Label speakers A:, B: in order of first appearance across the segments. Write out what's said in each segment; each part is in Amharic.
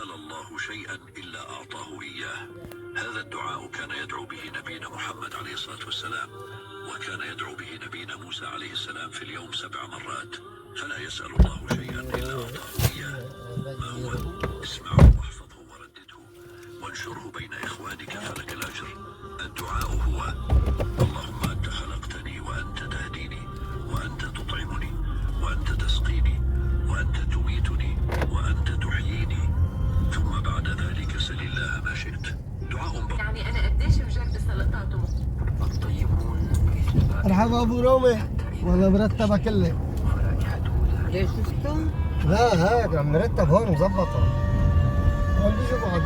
A: سأل الله شيئا إلا أعطاه إياه هذا الدعاء كان يدعو به نبينا محمد عليه الصلاة والسلام وكان يدعو به نبينا موسى عليه السلام في اليوم سبع مرات فلا يسأل الله شيئا إلا أعطاه إياه ما هو اسمعه واحفظه وردده وانشره بين إخوانك فلك الأجر الدعاء هو اللهم
B: مرحبا ابو رومي والله مرتبه كله
C: ليش شفتها؟
B: لا هيك مرتب هون مظبطه هون بيجوا بعض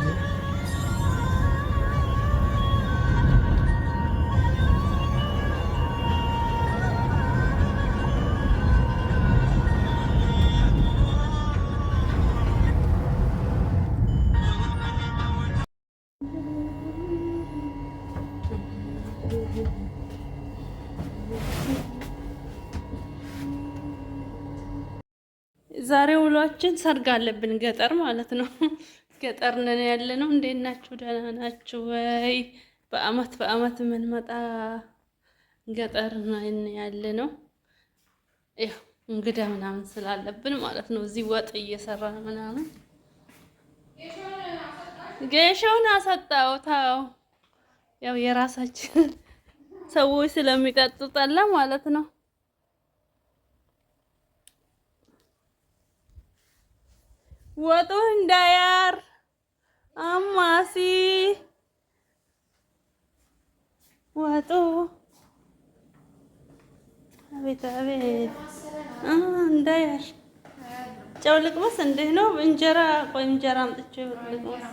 D: ዛሬ ውሏችን ሰርግ አለብን፣ ገጠር ማለት ነው። ገጠር ነን ያለ ነው። እንዴት ናችሁ? ደህና ናችሁ ወይ? በአመት በአመት የምንመጣ ገጠር ነን ያለ ነው። ያው እንግዳ ምናምን ስላለብን ማለት ነው። እዚህ ወጥ እየሰራ ምናምን
E: ጌሾውን አሰጣውታው
D: ያው የራሳችን ሰዎች ስለሚጠጡ ጠላ ማለት ነው። ወጡ እንዳያር አማሲ ወጡ አቤት አቤት እንዳያር ጨው ልቅመስ። እንዴት ነው እንጀራ? ቆይ እንጀራ አምጥቼ ልቅመስ።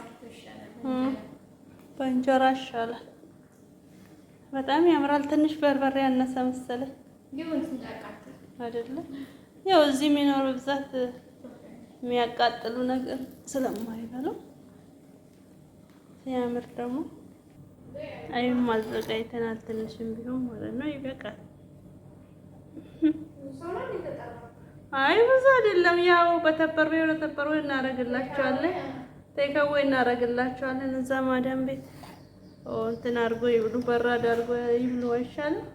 D: በእንጀራ ይሻላል። በጣም ያምራል። ትንሽ በርበሬ ያነሰ መሰለኝ አይደለም። ያው እዚህ የሚኖር በብዛት የሚያቃጥሉ ነገር ስለማይበለው ሲያምር ደግሞ አይም ማዘጋጅተናል። ትንሽም ቢሆን ማለት ነው ይበቃል። አይ ብዙ አይደለም። ያው በተበረ የሆነ ተበረ እናደርግላቸዋለን፣ ቴከዌ እናደርግላቸዋለን። እዛ ማዳም ቤት እንትን አድርጎ ይብሉ፣ በራድ አድርጎ ይብሉ አይሻልም?